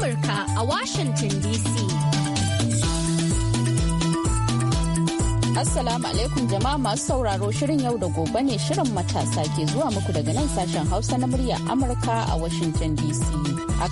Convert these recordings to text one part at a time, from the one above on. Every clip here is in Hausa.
Amurka a Washington DC. Assalamu alaikum jama'a masu sauraro shirin yau da gobe ne shirin matasa ke zuwa muku daga nan sashen Hausa na murya Amurka a Washington DC.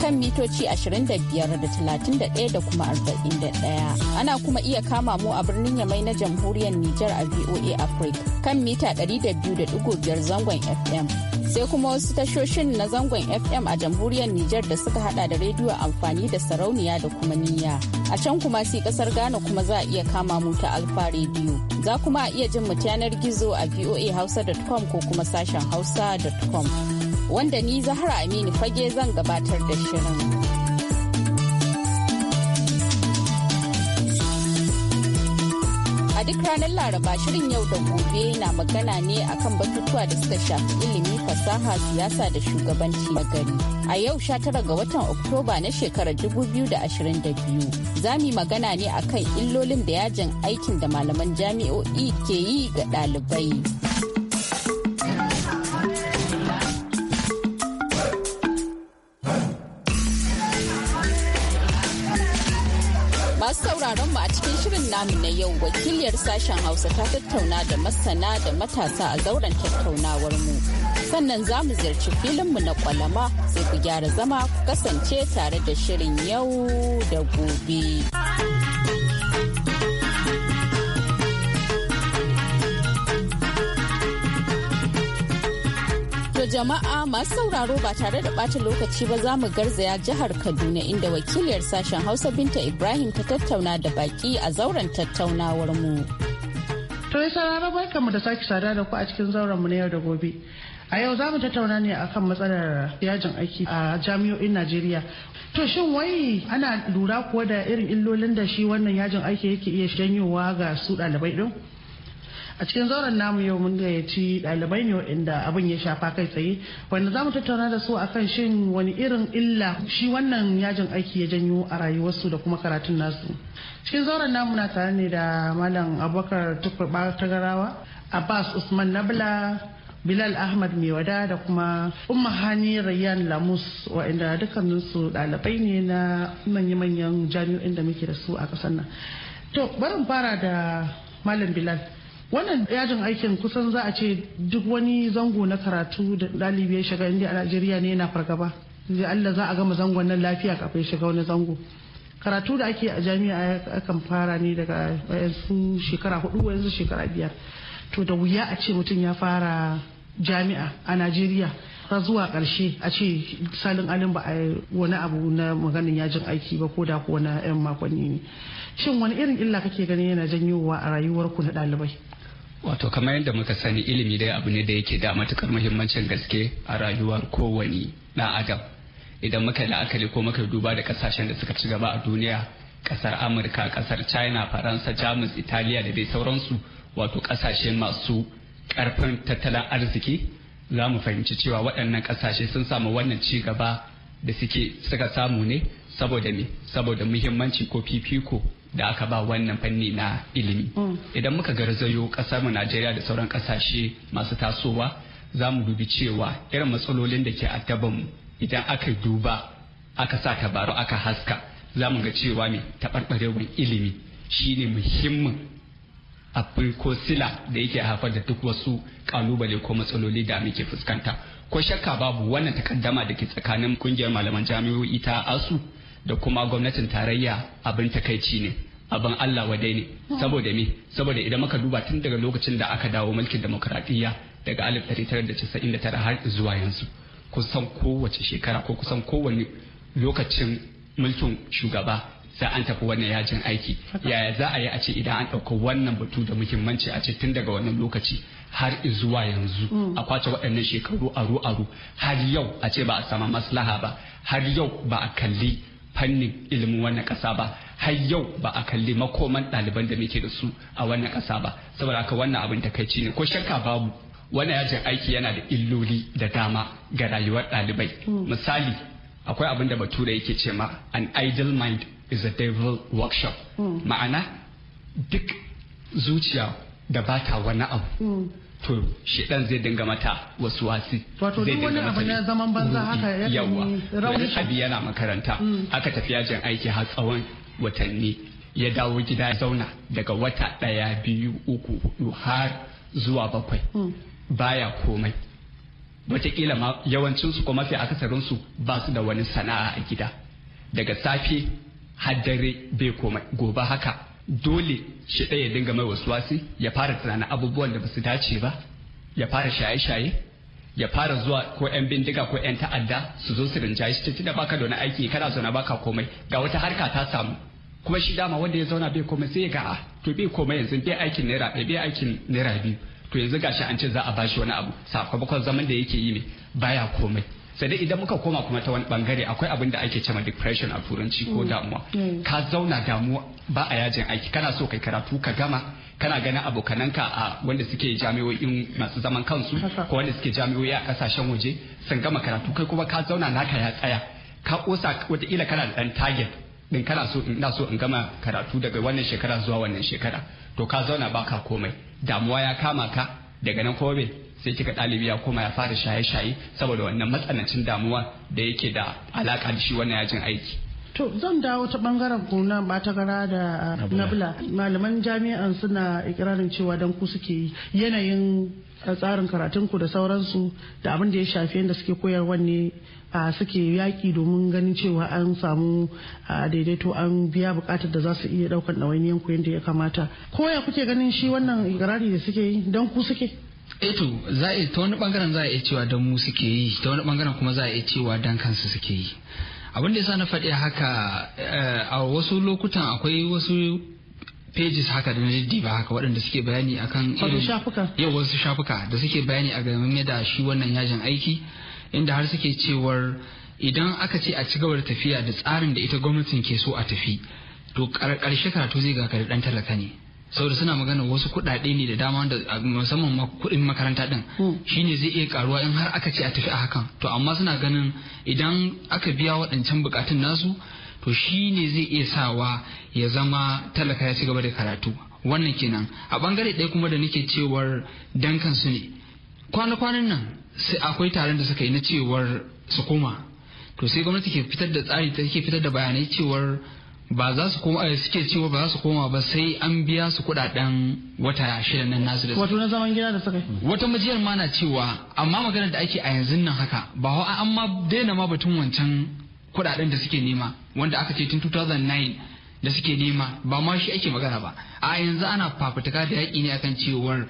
kan mitoci 25 da 31 da kuma 41. Ana kuma iya kama mu a birnin Yamai na jamhuriyar Nijar a VOA Africa kan mita 200.5 zangon FM. sai kuma wasu tashoshin na zangon fm a jamhuriyar nijar da suka hada da rediyo amfani da sarauniya da kuma niyya a can kuma si kasar ghana kuma za a iya kama mu ta alfa rediyo za kuma a iya jin mu ta yanar gizo a voa hausa.com ko kuma sashen hausa.com wanda ni zahara amini fage zan gabatar da shirin. duk ranar Laraba shirin yau da gobe na magana ne akan batutuwa da suka shafi ilimi, fasaha, siyasa da shugabanci A magari. A yau 19 ga watan Oktoba na shekarar 2022 za mu magana ne akan illolin da yajin aikin da malaman jami'o'i ke yi ga ɗalibai. namu na yau wakiliyar sashen Hausa ta tattauna da masana da matasa a zauren tattaunawar mu. Sannan za mu ziyarci filin mu na kwalama sai ku gyara zama ku kasance tare da shirin yau da gobe. jama'a masu sauraro ba tare da ɓata lokaci ba za mu garzaya jihar Kaduna inda wakiliyar sashen Hausa Binta Ibrahim ta tattauna da baki a zauren tattaunawar mu. To yi sarara barkanmu da sake sada da ku a cikin zauren mu na yau da gobe. A yau za mu tattauna ne akan matsalar yajin aiki a jami'o'in Najeriya. To shin wai ana lura kuwa da irin illolin da shi wannan yajin aiki yake iya shanyowa ga su ɗalibai din. a cikin zauren namu yau mun gayyaci ɗalibai ne waɗanda abin ya shafa kai tsaye wanda za mu tattauna da su akan shin wani irin illa shi wannan yajin aiki ya janyo a rayuwarsu da kuma karatun nasu cikin zauren namu na tare ne da malam abubakar tukurba tagarawa abbas usman nabla bilal ahmad mewada da kuma umma hani rayyan lamus waɗanda su ɗalibai ne na manya-manyan jami'o'in da muke da su a ƙasar nan to barin fara da malam bilal wannan yajin aikin kusan za a ce duk wani zango na karatu da ɗalibi ya shiga inda a najeriya ne yana fargaba zai allah za a gama zangon nan lafiya kafin shiga wani zango karatu da ake a jami'a akan fara ne daga 'yansu shekara hudu yanzu shekara biyar to da wuya a ce mutum ya fara jami'a a najeriya har zuwa karshe a ce salin alin ba a wani abu na maganin yajin aiki ba ko da ko na yan makonni ne shin wani irin illa kake ganin yana janyowa a rayuwarku na ɗalibai wato kamar yadda muka sani ilimi dai abu ne da yake da matukar muhimmancin gaske a rayuwar kowane ɗan adam idan muka yi la'akari ko muka duba da kasashen da suka ci gaba a duniya kasar amurka kasar china faransa jamus italiya da dai sauransu wato kasashe masu karfin tattalin arziki za mu fahimci cewa waɗannan kasashe sun samu wannan ci gaba da suke suka samu ne saboda ne saboda muhimmanci ko fifiko da aka ba wannan fanni na ilimi mm. idan muka garzayo ƙasar mu Najeriya da sauran ƙasashe masu tasowa za mu dubi cewa irin matsalolin da ke addaban mu idan aka duba aka sa tabaru aka haska za mu ga cewa me taɓarɓarewar ilimi shine muhimmin abin ko sila da yake haifar da duk wasu kalubale ko matsaloli da muke fuskanta ko shakka babu wannan takaddama da ke tsakanin kungiyar malaman jami'o'i ta asu da kuma gwamnatin tarayya abin takaici ne abin Allah wadai ne saboda me saboda idan muka duba tun daga lokacin da aka dawo mulkin demokradiyya daga 1999 har zuwa yanzu kusan kowace shekara ko kusan kowane lokacin mulkin shugaba sai an tafi wannan yajin aiki yaya za a yi a ce idan an ɗauka wannan batu da muhimmanci a ce tun daga wannan lokaci har zuwa yanzu mm. a kwace waɗannan shekaru aru aru har yau a ce ba a sama maslaha ba har yau ba a kalli fannin ilimin wannan ƙasa ba har yau ba a kalli makoman ɗaliban da muke da su a wannan ƙasa ba saboda haka wannan abin takaici ne ko shakka babu wannan yajin aiki yana da illoli da dama ga rayuwar ɗalibai hmm. misali akwai abin da bature yake ce ma an idle mind is a devil workshop hmm. ma'ana duk zuciya da ba ta wani abu hmm. to shi dan zai dinga mata wasu wasi wato duk wani abu na zaman banza haka ya yawa rauni abi yana makaranta aka tafi yajin aiki har tsawon watanni ya dawo gida zauna daga wata ɗaya biyu uku hudu har zuwa bakwai hmm. baya komai watakila ma yawancinsu ko mafi akasarinsu ba su da wani sana'a a gida daga safe har dare bai komai gobe haka dole shi ɗaya dinga mai wasu wasi ya fara tunanin abubuwan da ba su dace ba ya fara shaye-shaye ya fara zuwa ko yan bindiga ko yan ta'adda su zo su rinjaye shi tunda baka da wani aiki kana zauna baka komai ga wata harka ta samu kuma shi dama wanda ya zauna bai komai sai ga ah, to bai komai yanzu bai aikin naira ɗaya bai aikin naira biyu to yanzu gashi an ce za a bashi wani abu sakamakon zaman da yake yi ne baya komai sai dai idan muka koma kuma ta wani bangare akwai abin da ake cewa depression a turanci ko mm. damuwa mm. ka zauna damuwa ba a yajin aiki kana so kai karatu ka gama kana ganin abokananka a wanda suke jami'o'in masu zaman kansu ko wanda suke jami'o'i a kasashen waje sun gama karatu kai kuma ka zauna naka ya tsaya ka kosa wataƙila kana da ɗan target din kana so in so in gama karatu daga wannan shekara zuwa wannan shekara to ka zauna baka komai damuwa ya kama ka daga nan kome sai kika ɗalibi ya koma ya fara shaye-shaye saboda wannan matsanancin damuwa da yake da alaka da shi wannan yajin aiki To zan dawo ta bangaren kuna ba ta gara da ah, nabla. Malaman jami'an suna ikirarin cewa dan ku suke yanayin ah, tsarin karatunku da sauransu da abin da ya shafi yadda suke koyarwa ne a ah, suke yaƙi domin ganin cewa an samu daidaito an biya bukatar da za su iya ɗaukan ɗawainiyan ku yadda ya kamata koya kuke ganin shi wannan ikirari da suke yi don ku suke eto eh za ta wani bangaren za a iya cewa don mu suke yi ta wani bangaren kuma za a iya cewa dan kansu suke yi abin da sa na faɗi haka eh, a wasu lokutan akwai wasu pages haka da na ba haka waɗanda suke bayani akan irin yau wasu shafuka da suke bayani a game da shi wannan yajin aiki inda har suke cewar idan aka ce a ci gaba da tafiya da tsarin da ita gwamnatin ke so a tafi to karshe karatu zai ga ɗan talaka ne saboda suna magana wasu kuɗaɗe ne da dama da musamman kuɗin makaranta ɗin hmm. shine zai iya karuwa in har aka ce a tafi a hakan to amma suna ganin idan aka biya waɗancan bukatun nasu to shine zai iya sawa ya zama talaka ya ci gaba da karatu wannan kenan a bangare ɗaya kuma da nake cewar dankan su ne kwana-kwanan nan sai akwai taron da suka yi na cewar su koma to sai gwamnati ke fitar da tsari ta ke fitar da bayanai cewar ba za su koma eh, suke cewa ba za su koma ba sai an biya su kudaden wata shida nan nasu da su wato na zaman gida da suka wata majiyar ma na cewa amma maganar da ake a yanzu nan haka ba wa an ma daina ma batun wancan kudaden da suke nema wanda aka ce tun 2009 da suke nema ba ma shi ake magana ba a yanzu ana fafutuka da yaƙi ne akan cewar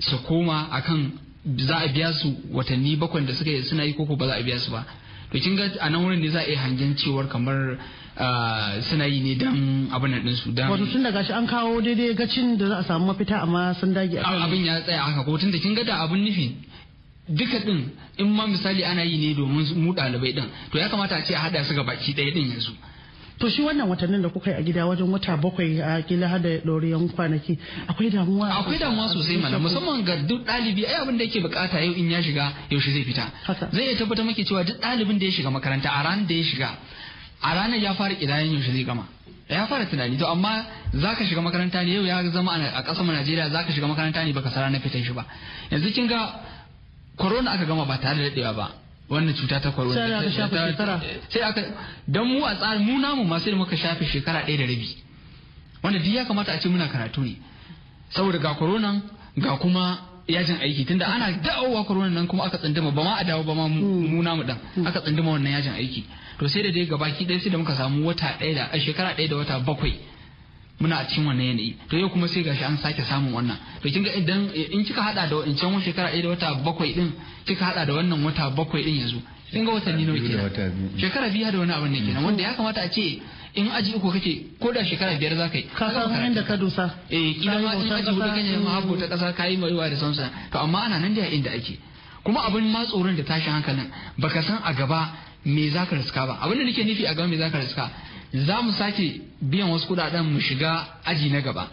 su koma akan za a biya su watanni bakwai da suka suna yi koko ba za a biya su ba to kin ga a nan wurin ne za a yi hangen cewar kamar suna yi ne don abin da su dan wato tun da gashi an kawo daidai gacin da za a samu mafita amma sun dage abin ya tsaya haka ko tun da kin ga da abin nufi duka din in ma misali ana yi ne domin mu ɗalibai din to ya kamata a ce a haɗa su ga baki ɗaya din yanzu to shi wannan watannin da kuka yi a gida wajen wata bakwai a kila hada ɗoriyan kwanaki akwai damuwa akwai damuwa sosai mana musamman ga duk ɗalibi ai abin da yake bukata yau in ya shiga yaushe zai fita zai iya tabbatar maki cewa duk ɗalibin da ya shiga makaranta a ran da ya shiga a ranar ya fara kidayen yaushe zai gama ya fara tunani to amma za ka shiga makaranta ne yau ya zama a ƙasar Najeriya za ka shiga makaranta ne baka sara na fitan shi ba yanzu kin ga corona aka gama ba tare da dadewa ba wannan cuta ta corona sai aka don mu a tsarin mu namu masu da muka shafe shekara ɗaya da rabi wanda duk ya kamata a ce muna karatu ne saboda ga corona ga kuma yajin aiki tunda ana da'awa corona nan kuma aka tsinduma ba ma a dawo ba ma mu hmm. namu dan hmm. aka tsinduma wannan yajin aiki to sai da dai ki dai sai da muka samu wata ɗaya da shekara ɗaya da wata bakwai muna a cikin wannan yanayi to yau kuma sai gashi an sake samun wannan to kinga idan in kika hada da in wancan shekara ɗaya da wata bakwai din kika hada da wannan wata bakwai din yanzu kin ga watanni nawa kenan shekara biyu da wani abin ne kenan hmm. wanda ya kamata a ce in aji uku kake ko da shekara biyar za ka yi ka san hanyar da ka dusa eh kila ma in aji hudu kake ma habo ta kasa kayi maiwa da sansa to amma ana nan da inda ake kuma abin ma tsoron da tashin hankalin baka san a gaba me za ka riska ba abin da nake nufi a gaba me za ka riska za mu sake biyan wasu kudaden mu shiga aji na gaba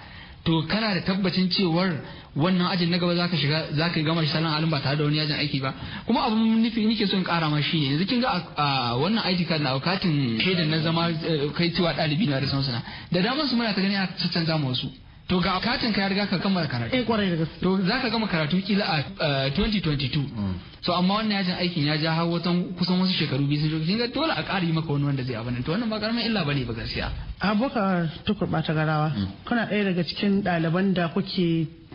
to kana da tabbacin cewar wannan ajin na gaba zaka shiga zaka gama shi salon halin ba tare da wani yajin aiki ba kuma abin nufi nike so in kara ma ne yanzu kin ga a wannan ID card na katin shaidan na zama eh, kai cewa ɗalibi na da sansana da damansu muna ta gani a canza mu wasu to ga katin ka ya riga ka kammala karatu eh kwarai da gaske to za ka gama karatu kila a 2022 mm. so amma wannan yajin aikin ya ja har kusan wasu shekaru biyu sun kin dole a ƙara yi maka wani wanda zai abin to wannan ba karamin illa bane ba gaskiya abokar tukur ta garawa mm. kana ɗaya daga cikin ɗaliban da kuke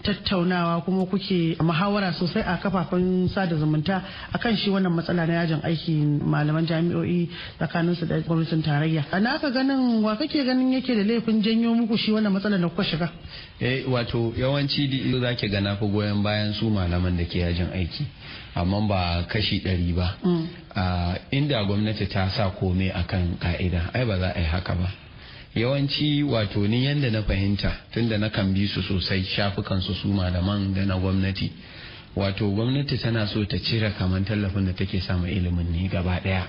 tattaunawa kuma kuke muhawara sosai a kafafen sada zumunta akan shi wannan matsala na yajin aiki malaman jami'o'i tsakanin su da gwamnatin tarayya a naka ganin wa kake ganin yake da laifin janyo muku shi wannan matsala da kuka shiga eh wato yawanci da zaki ga na fi goyon bayan su malaman da ke yajin aiki amma ba kashi ɗari ba mm. ah, inda gwamnati ta sa komai akan ka'ida ai ba za a yi haka ba yawanci wato ni yanda na fahimta tunda na kan bi su sosai shafukan su su malaman da na gwamnati wato gwamnati tana so ta cire kamar tallafin da take samun ilimin ne gaba daya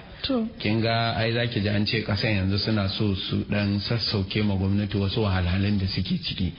kin ga ai zaki ji an ce kasan yanzu suna so su dan sassauke ma gwamnati wasu wahalhalun da suke ciki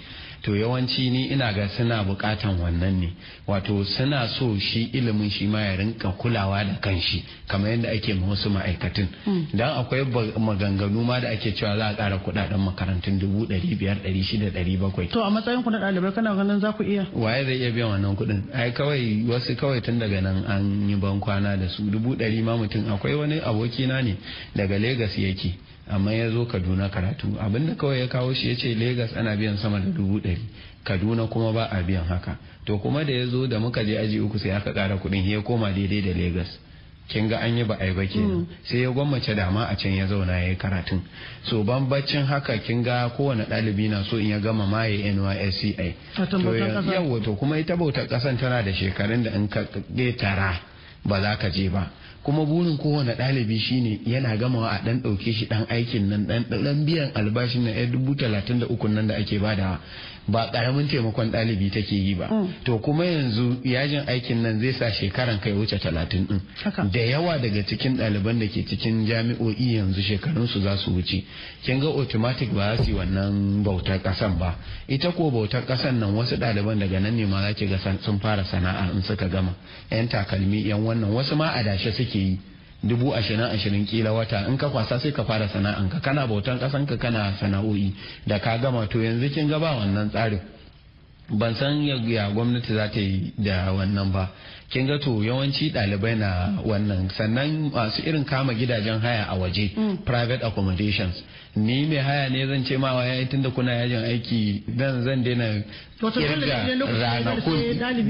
to yawanci ni ina ga suna bukatan wannan ne wato suna so shi ilimin shi ma ya rinka kulawa da kanshi kamar yadda ake ma wasu ma'aikatan hmm. dan akwai maganganu ma da ake cewa za a ƙara kuɗaɗen makarantun dubu ɗari biyar ɗari shida ɗari bakwai to a matsayin ku na ɗalibai kana ganin za ku iya waye zai iya biyan wannan kuɗin ai kawai wasu kawai tun daga nan an yi ban kwana da su dubu ɗari ma mutum akwai wani abokina ne daga Legas yake amma ya zo kaduna karatu abinda kawai ya kawo shi ya ce lagos ana biyan sama da dubu ɗari kaduna kuma ba a biyan haka to kuma da ya zo da muka je aji uku sai aka kara kuɗin ya koma daidai da Legas. kin ga an yi ba ai ba kenan mm. sai ya gwammace dama a can ya zauna ya yi karatun so bambancin haka kin ga kowane ɗalibi na so in ya gama ma ya NYSCI to to kuma ita bautar ƙasan tana da shekarun da in ka ƙetara ba za ka je ba kuma burin kowane ɗalibi shine yana gamawa a ɗan ɗauke shi ɗan aikin nan ɗan biyan albashin na yan eh, dubu talatin da uku nan da ake badawa ba karamin taimakon ɗalibi take yi ba mm. to kuma yanzu yajin aikin nan zai sa shekaran kai wuce talatin din da yawa daga cikin ɗaliban da ke cikin jami'o'i yanzu shekarun su za su wuce kin ga automatic ba su wannan bautar ƙasan ba ita ko bautar ƙasan nan wasu ɗaliban daga nan ne ma za ki ga sun fara sana'a in suka gama yan takalmi yan wannan wasu ma adashe suke yi dubu ashirin ashirin kila wata in ka kwasa sai ka fara sana'an ka kana bautan kasanka kana sana'o'i da ka gama to yanzu kin ga ba wannan tsarin ban san ya gwamnati za ta yi da wannan ba kin ga to yawanci ɗalibai na wannan sannan masu irin kama gidajen haya a waje mm. private accommodations ni mai haya ne zan ce ma waya tun da kuna yajin aiki dan zan daina kirga ranakun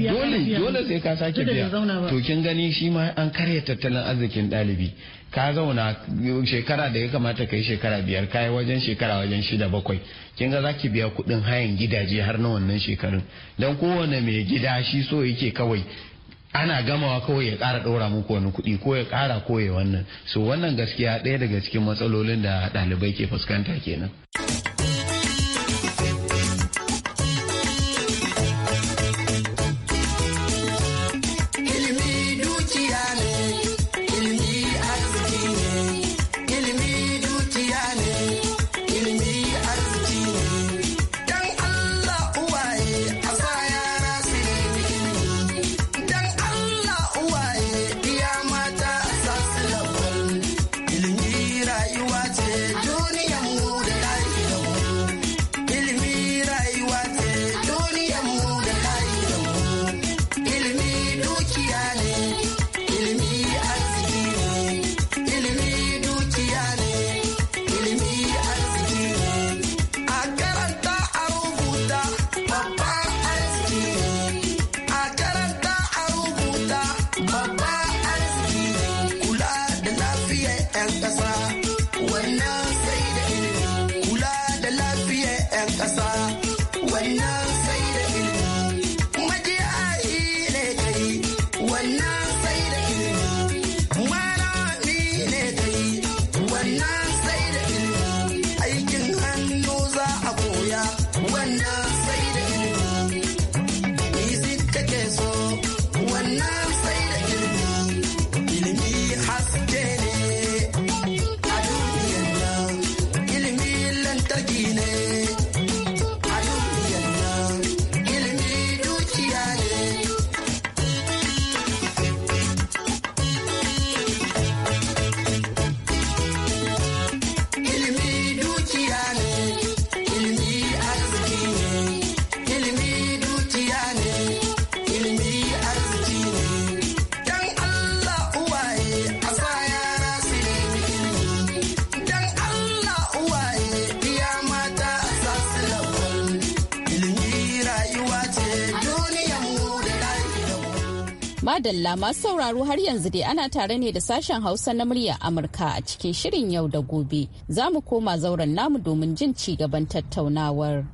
dole dole sai ka sake biya to kin gani shi ma an karya tattalin arzikin ɗalibi ka zauna shekara da ya kamata ka yi shekara biyar ka yi wajen shekara wajen shida bakwai kin ga zaki biya kuɗin hayan gidaje har na wannan shekarun dan kowane mai gida shi so yake kawai ana gamawa kawai ya ƙara ɗora muku wani kuɗi ko ya ƙara koya wannan so wannan gaskiya ɗaya daga cikin matsalolin da ɗalibai ke fuskanta kenan. Madalla masu sauraro har yanzu dai ana tare ne da sashen Hausa na murya Amurka a cikin shirin yau da gobe. Za mu koma zauren namu domin jin ci gaban tattaunawar.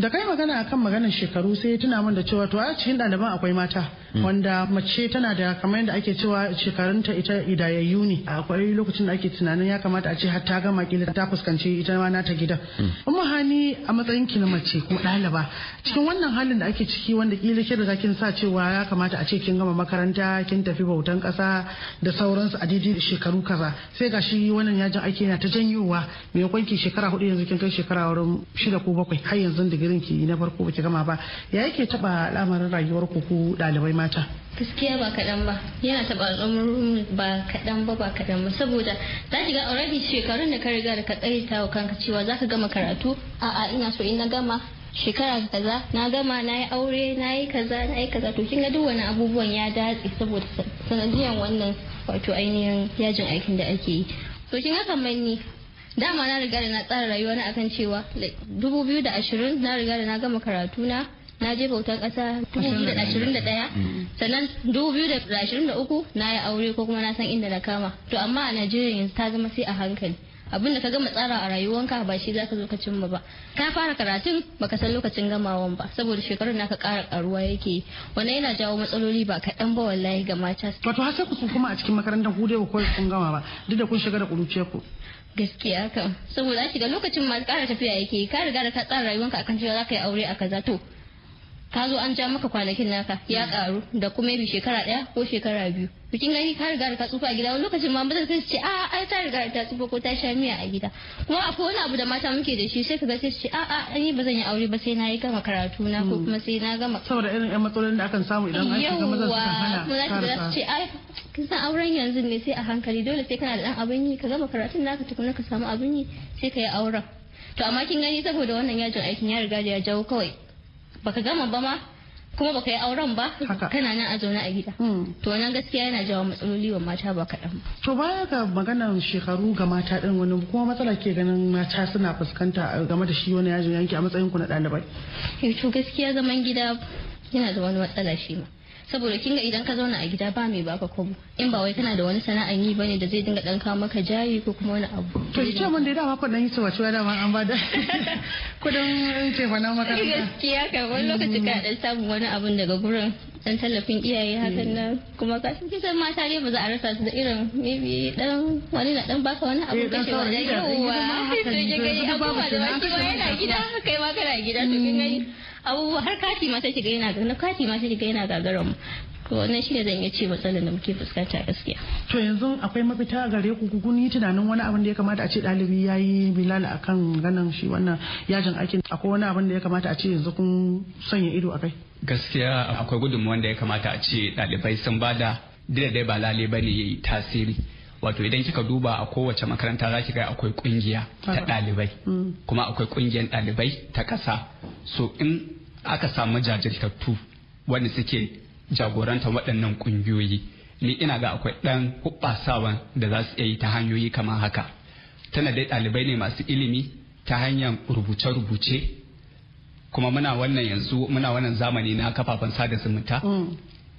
Da kai magana akan maganar shekaru sai tuna min da cewa to a cikin ɗaliban akwai mata. Mm. wanda mace tana da kamar yadda ake cewa shekarunta ita idayayyu ne akwai lokacin da ake tunanin ya kamata a ce har ta gama kila ta fuskanci ita ma nata gidan umma mm. hani a matsayin ki na mace kuma ɗaliba cikin wannan halin da ake ciki wanda kila kin riga kin sa cewa ya kamata a ce kin gama makaranta kin tafi bautan kasa da sauransu a daidai shekaru kaza sai ga shi wannan yajin aiki yana ta janyowa maimakon kwanki shekara hudu yanzu kin kai shekara wurin shida ko bakwai har yanzu digirin ki na farko ki gama ba ya yake taba al'amarin rayuwar ku ku ɗalibai mata gaskiya ba kaɗan ba yana taɓa ba kaɗan ba ba kaɗan ba saboda za ki ga already shekarun da ka riga da ka tsaita wa kanka cewa za ka gama karatu a'a ina so in na gama shekara kaza na gama na yi aure na yi kaza na yi kaza to kin ga duk wani abubuwan ya datse saboda sanadiyan wannan wato ainihin yajin aikin da ake yi to kin ga kamar ni dama na riga da na tsara rayuwa na akan cewa da 2020 na riga da na gama karatu na na je bautar ƙasa 2021 sannan 2023 na yi aure ko kuma na san inda na kama to amma a najeriya yanzu ta zama sai a hankali abinda ka gama tsara a rayuwanka ba shi zaka zo ka cimma ba ka fara karatun baka san lokacin gamawan ba saboda shekarun naka ƙara karuwa yake wannan yana jawo matsaloli ba kaɗan ba wallahi ga mata wato har sai ku kuma a cikin makarantar ku dai ba sun kun gama ba duk da kun shiga da kuruciyar ku gaskiya kan saboda shiga lokacin ma ƙara tafiya yake ka riga da ka tsara rayuwanka akan cewa zaka yi aure a kaza to ka zo an ja maka kwanakin naka ya mm. karu da kuma yabi shekara daya ko shekara biyu bikin gani ka riga ka tsufa a gida wani lokacin ma mata sai ce a a ta riga ta tsufa ko ta sha miya a gida kuma akwai wani abu da mata muke da shi sai ka ga sai ce a a ni ba zan yi aure ba sai na yi gama karatu na ko mm. kuma sai na gama saboda irin yan matsalolin da akan samu idan an shiga maza su kan hana kuma za ce ai kin san auren yanzu ne sai a hankali dole sai kana da dan abin yi ka gama karatun naka tukuna ka samu abin yi sai ka yi auren to amma kin gani saboda wannan yajin aikin ya riga da ya jawo kawai baka gama ba ma kuma baka yi auren ba kana nan a zaune a gida hmm. to wannan gaskiya yana jawo matsaloli wa mata ba kaɗan to baya ga maganar shekaru ga mata ɗin wani kuma matsala ke ganin mata suna fuskanta game da shi wani yajin yanki a matsayin ku na ɗalibai eh, to gaskiya zaman gida yana da wani matsala shi ma saboda kinga idan ka zauna a gida ba mai baka komo in ba wai kana da wani sana'an yi bane da zai dinga dan kawo maka jari ko kuma wani abu to ki mun da dama kudin hitowa cewa dama an bada kudin fa na makaranta gaskiya ka wani lokaci ka dan samu wani abun daga gurin dan tallafin iyaye hakan nan kuma ka san mata ne ba za a rasa su da irin maybe dan wani na dan baka wani abu eh, kace wa yawa to ga ba da wani yana gida kai ma kana gida to kin gani mm. abubuwa har kati ma sai shiga yana na kati ma sai shiga yana gagaran mu to wannan shi zan iya ce matsalar da muke fuskanta gaskiya to yanzu akwai mafita gare ku kun yi tunanin wani abin da ya kamata a ce dalibi yayi yi bilal akan ganin shi wannan yajin aikin akwai wani abin da ya kamata a ce yanzu kun sanya ido akai gaskiya akwai gudunmuwan da ya kamata a ce dalibai sun bada da dai ba lalle ba ne tasiri wato idan kika duba a kowace makaranta za ki ga akwai kungiya ta ɗalibai mm. kuma akwai kungiyar ɗalibai ta ƙasa so in aka samu jajirtattu wanda suke jagoranta waɗannan ƙungiyoyi ni ina ga akwai ɗan hubbasawan da za su iya yi ta hanyoyi kamar haka tana dai ɗalibai ne masu ilimi ta hanyar rubuce-rubuce kuma muna wannan yanzu muna wannan zamani na kafafen sada zumunta mm.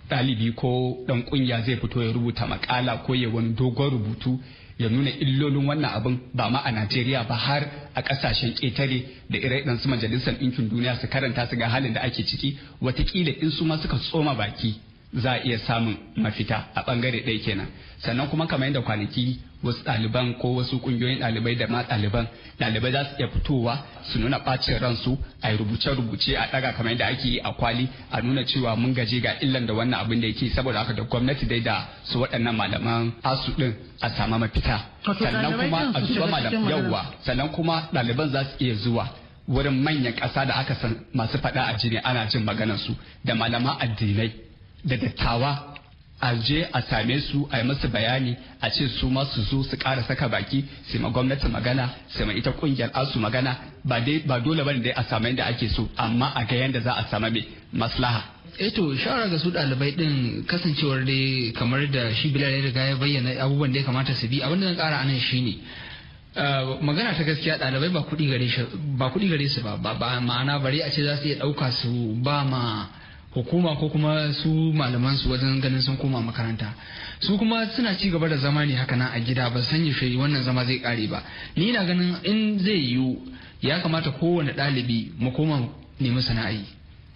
ɗalibi ko ɗan ƙungiya zai fito ya rubuta maƙala ko ya wani dogon rubutu ya nuna illolin wannan abin ba ma a Najeriya ba har a ƙasashen ƙetare da irai ɗan su majalisar ɗinkin duniya su karanta su ga halin da ake ciki watakila in su ma suka tsoma baki za a iya samun mafita a ɓangare ɗaya kenan sannan kuma kamar yadda kwanaki wasu ɗaliban ko wasu ƙungiyoyin ɗalibai da ma ɗaliban ɗalibai za su iya fitowa su nuna ɓacin ransu a yi rubuce-rubuce a ɗaga kamar yadda ake yi a kwali a nuna cewa mun gaje ga illan da wannan abin da yake saboda haka da gwamnati dai da su waɗannan malaman asu ɗin a sama mafita sannan kuma a zuwa malaman yawwa sannan kuma ɗaliban za su iya zuwa wurin manyan ƙasa da aka san masu faɗa a jini ana jin maganar su da malaman addinai da dattawa a je a same su a yi masu bayani a ce su ma zo su ƙara saka baki sai ma gwamnati magana sai ma ita ƙungiyar asu magana ba dai ba dole bane dai a samu yadda ake so amma a ga yadda za a samu mai maslaha eto eh shawara ga su ɗalibai din kasancewar dai kamar da shi bilal ya riga ya bayyana abubuwan da ya kamata su bi abin da zan ƙara anan shi ne eh, magana ta gaskiya ɗalibai ba kuɗi gare su ba ma'ana bare a ce za su iya ɗauka su ba ma hukuma ko kuma su malaman su wajen ganin sun koma makaranta su kuma suna ci gaba da zama ne haka nan a gida ba san yaushe wannan zama zai kare ba ni na ganin in zai yiwu ya kamata kowane dalibi mu koma nemi sana'ai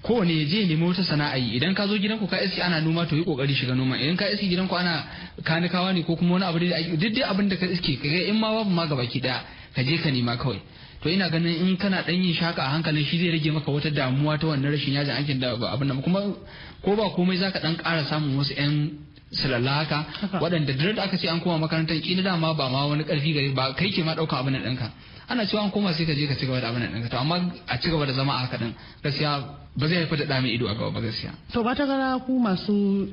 kowane ya je nemi wata sana'a idan ka zo gidanku ka iski ana noma to yi kokari shiga noma idan ka iski gidanku ana kanikawa ne ko kuma wani abu da duk dai abin da ka iske ka ga in ma babu ma gabaki daya ka je ka nema kawai to ina ganin in kana dan yin shaka a hankalin shi zai rage maka wata damuwa ta wannan rashin yajin aikin da abin nan kuma ko ba komai zaka dan ƙara samun wasu 'yan silalla haka waɗanda da aka ce an koma makarantar ƙila dama ba ma wani ƙarfi gari ba kai ke ma ɗaukan abin ɗinka ana cewa an koma sai ka je ka cigaba da abin ɗinka to amma a cigaba da zama a haka ɗin gaskiya ba zai haifar da mai ido a gaba ba gaskiya. to ba ta gara ku masu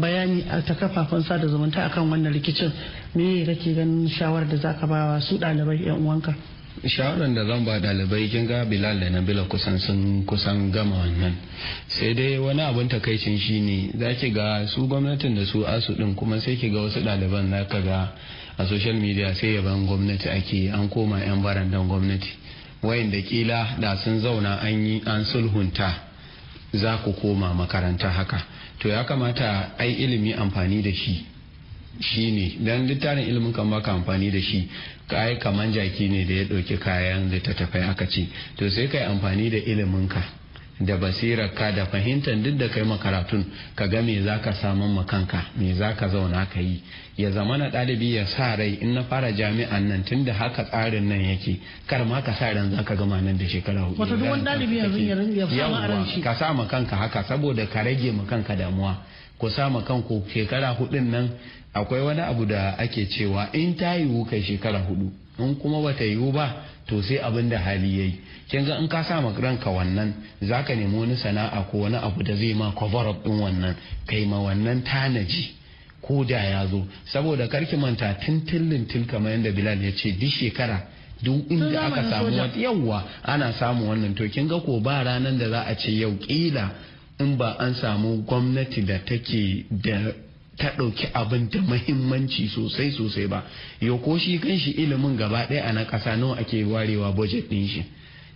bayani a ta kafafen sada zumunta akan wannan rikicin me kake ganin shawarar da zaka ba su ɗalibai yan uwanka. Shawarar da zan ba dalibai kin ga bilal da nabila kusan sun kusan gama wannan sai dai wani abin takaicin shine za ki ga su gwamnatin da su asu din kuma sai ki ga wasu daliban na ka ga a social media sai yaban gwamnati ake an koma yan barandan gwamnati da kila da sun zauna an yi an sulhunta za ku koma makaranta haka to ya kamata ai ilimi amfani da shi shi ne don littafin ilimin kan baka amfani da shi kai kaman jaki ne da ya ɗauki kayan littattafai aka ce to sai ka yi amfani da ilimin ka da basira ka da fahimtar duk da kai makaratun ka ga me za ka samun makanka me za ka zauna ka yi ya zama na ɗalibi ya sa rai in na fara jami'an nan tun da haka tsarin nan yake kar ma ka sa ran za ka gama nan da shekara hudu wato duk wani ɗalibi ya sa ran shi ka sa makanka haka saboda ka rage makanka damuwa ku sa makanku shekara hudun nan akwai wani abu da ake cewa in ta yiwu kai shekara hudu in kuma bata yiwu ba to sai abin da hali yayi kin ga in ka sa ma ranka wannan zaka nemi wani sana'a ko wani abu da zai ma cover up din wannan kai ma wannan tanaji ko da ya zo saboda karki manta tintillin til kamar yadda Bilal ya ce duk shekara duk inda aka samu wata yawwa ana samu wannan to kin ga ko ba ranar da za a ce yau kila in ba an samu gwamnati da take da ta ɗauki abin da mahimmanci sosai sosai ba yokoshi ko kan shi ilimin gaba ɗaya a na ƙasa nawa ake warewa budget ɗin shi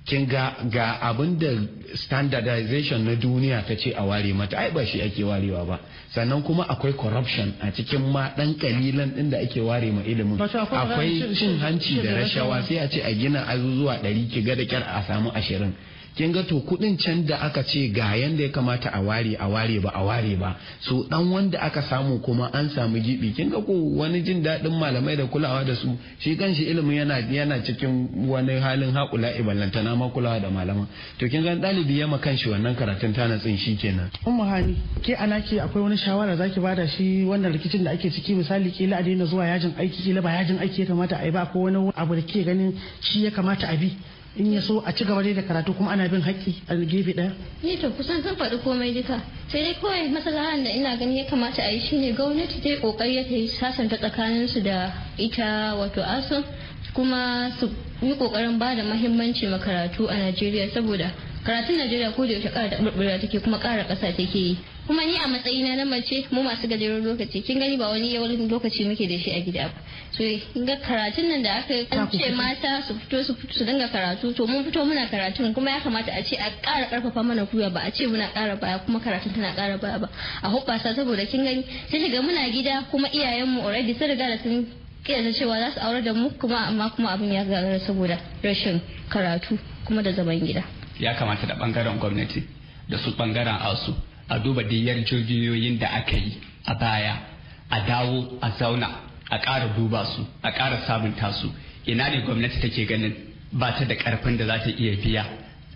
kin ga ga abin da standardization na duniya ta ce a ware mata ai ba shi ake warewa ba sannan kuma akwai corruption a cikin ma dan kalilan ɗin da ake ware ma ilimin akwai cin hanci da rashawa sai a ce a gina azuzuwa ɗari ki ga da kyar a samu ashirin kin ga to kuɗin can da aka ce ga yanda ya kamata a ware a ware ba a ware ba so dan wanda aka samu kuma an samu gibi kin ga ko wani jin daɗin malamai da kulawa da su shi kanshi ilimin yana yana cikin wani halin ibalanta na ma kulawa da malama to kin ga dalibi ya makan shi wannan karatun ta natsin shi kenan umma muhani ke ke akwai wani shawara zaki bada shi wannan rikicin da ake ciki misali kila a daina zuwa yajin aiki kila ba yajin aiki ya kamata a yi ba ko wani abu da ke ganin shi ya kamata a bi in ya so a ci gaba da karatu kuma ana bin haƙƙi a gefe ɗaya. ni eh to kusan sun faɗi komai duka sai dai kawai maslahan da ina gani ya kamata a yi shine gwamnati ta yi ƙoƙari ya ta yi sasanta su da ita wato asun kuma su yi ƙoƙarin ba da mahimmanci ma karatu a najeriya saboda karatun najeriya ko da yaushe ƙara da take kuma ƙara ƙasa take yi kuma ni a matsayina na mace mu masu gajeren lokaci kin gani ba wani yawan lokaci muke da shi a gida ba so ga karatun nan da aka ce mata su fito su fito su dinga karatu to mun fito muna karatun kuma ya kamata a ce a ƙara ƙarfafa mana gwiwa ba a ce muna ƙara baya kuma karatun tana ƙara baya ba a hoɓɓasa saboda kin gani sai shiga muna gida kuma iyayenmu already sun riga da sun da cewa za su aure da mu kuma amma kuma abin ya gagara saboda rashin karatu kuma da zaman gida ya kamata da bangaren gwamnati da su bangaren asu a duba diyar jirgiyoyin da aka yi a baya a dawo a zauna a ƙara duba su a ƙara sabunta su ina ne gwamnati take ganin ba ta da ƙarfin da za ta iya biya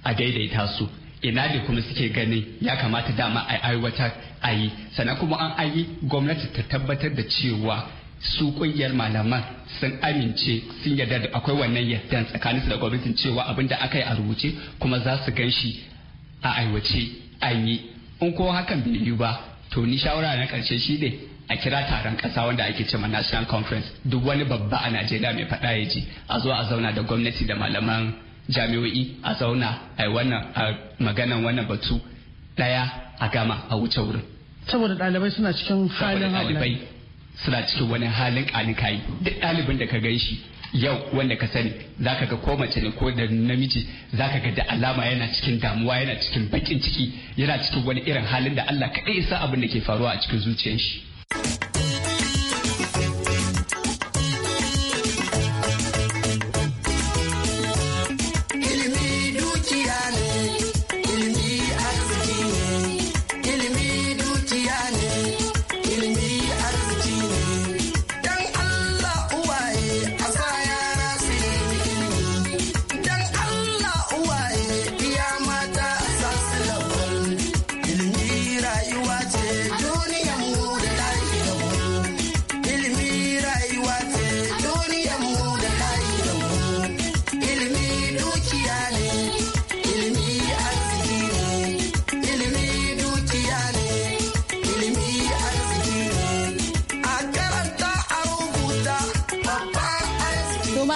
a daidaita su ina ne kuma suke ganin ya kamata dama a aiwatar a yi sannan kuma an ayi gwamnati ta tabbatar da cewa su kungiyar malaman sun amince sun yarda da akwai wannan yardan tsakanin su da gwamnatin cewa abin da aka yi a rubuce kuma za su gan shi a aiwace an yi in ko hakan bai yiwu ba to ni shawara na karshe shi ne a kira taron kasa wanda ake cewa national conference duk wani babba a najeriya mai faɗa ya ji a zo a zauna da gwamnati da malaman jami'o'i a zauna a wannan a maganan wannan batu daya a gama a wuce wurin saboda ɗalibai suna cikin halin ɗalibai suna cikin wani halin ƙalikayi duk ɗalibin da ka gan shi yau wanda ka sani za ka ga ko mace ne ko da namiji za ka ga da alama yana cikin damuwa yana cikin bakin ciki yana cikin wani irin halin da Allah kaɗai sa abin da ke faruwa a cikin zuciyar shi.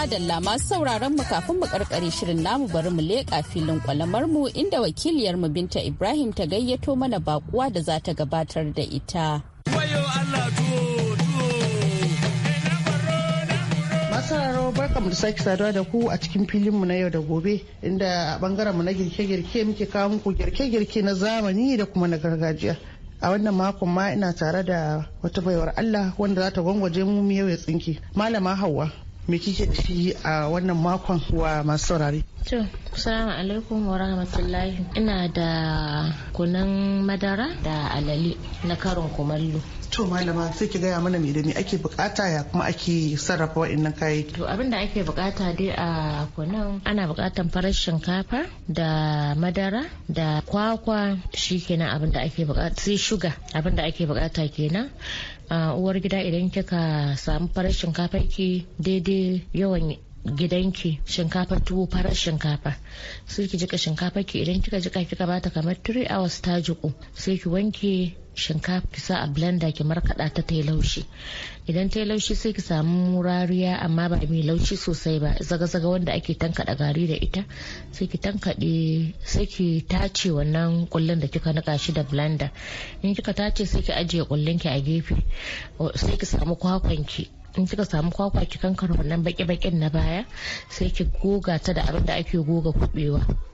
dalla masu sauraron mu kafin mu karkare shirin namu bari mu leƙa filin kwalamar mu inda wakiliyar mu Binta Ibrahim ta gayyato mana bakuwa da za ta gabatar da ita. masararo barka mu da sake saduwa da ku a cikin filinmu na yau da gobe inda a bangaren mu na girke-girke muke kawo muku girke-girke na zamani da kuma na gargajiya a wannan makon ma ina tare da wata baiwar Allah wanda za ta gwangwaje mu miyau ya tsinki malama Hauwa me kike da shi a wannan makon wa masu saurari. to salamu alaikum wa rahmatullahi ina da kunan madara da alali na karin kumallo to malama sai ki gaya mana me da ake bukata ya kuma ake sarrafa wa'annan kayayyaki to abin da ake bukata dai a kunan ana bukatan farar shinkafa da madara da kwakwa shikenan abin da ake bukata sai shuga abin da ake bukata kenan uwar gida idan kika samu farar shinkafa ki daidai yawan gidanki shinkafa tuwo farar shinkafa sai ki jika shinkafa ki idan kika jika kika bata kamar 3 hours ta jiku sai ki wanke shinkafa ki a blender ki markaɗa ta ta laushi idan ta laushi sai ki samu murariya amma ba mai laushi sosai ba zaga-zaga wanda ake tankaɗa gari da ita sai ki tankaɗe sai ki tace wannan kullun da kika nika shi da blender in kika tace sai ki ajiye kullun ki a gefe sai ki samu kwakwan ki in kika samu kwakwa ki kankara wannan baki-bakin na baya sai ki goga ta da abin da ake goga kuɓewa.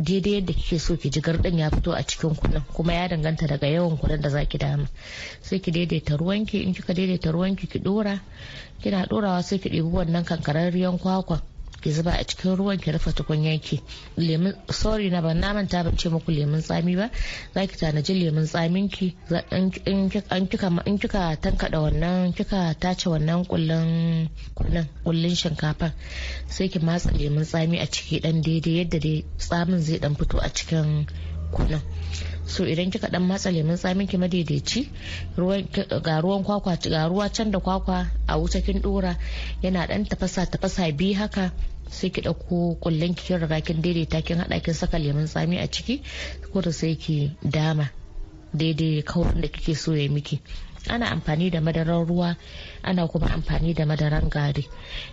daidai yadda kike so ki ji gardan ya fito a cikin kulan kuma ya danganta daga yawan kulan da zaki dama sai ki daidaita ruwanki in kika daidaita ruwanki ki dora kina dorawa sai ki ɗebi wannan kankararriyar kwakwan ki zuba a cikin ruwan ki rufe tukunyan ki lemun sorry na ban na manta ban ce muku lemun tsami ba za ki tanaji lemun tsamin ki in kika tankada wannan kika tace wannan kullun kullun shinkafa sai ki matsa lemun tsami a ciki dan daidai yadda dai tsamin zai dan fito a cikin kunan so idan kika dan matsa lemun tsamin ki madaidaici ga ruwan kwakwa ga ruwa can da kwakwa a wuta kin dora yana dan tafasa tafasa bi haka sai ki ɗauko kullun ki riga kin daidaita kin haɗa kin saka lemun tsami a ciki ko da sai ki dama daidai kawai da kike so ya miki ana amfani da madarar ruwa ana kuma amfani da madaran gari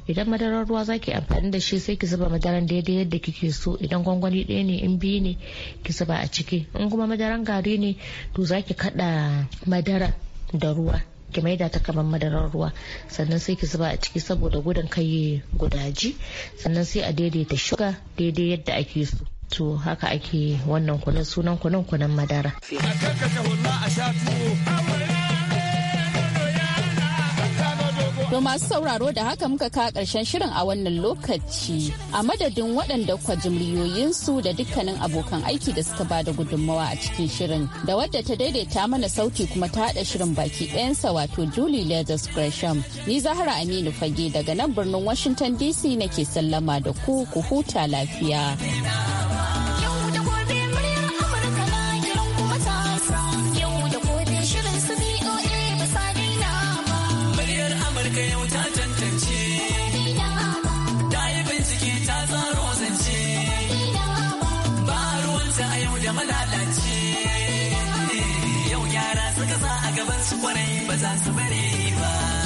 idan madarar ruwa zaki amfani da shi sai ki zuba madaran daidai yadda kike so idan gwangwani ɗaya ne in biyu ne ki zuba a ciki in kuma madaran gari ne to zaki kaɗa madara da ruwa ki maida ta kamar madarar ruwa sannan sai ki zuba a ciki saboda gudun kai gudaji sannan sai a daidaita shuga daidai yadda ake so to haka ake wannan kunan sunan kunan kunan madara To masu sauraro da haka muka ka karshen shirin a wannan lokaci a madadin waɗanda kwa jimriyoyinsu da dukkanin abokan aiki da suka bada gudunmawa a cikin shirin da wadda ta daidaita mana sauti kuma ta haɗa shirin baki ɗayansa wato Julie Leathers Gresham. Ni Zahra Aminu Fage daga nan birnin Washington DC nake sallama da ku ku huta lafiya. I'm so bad.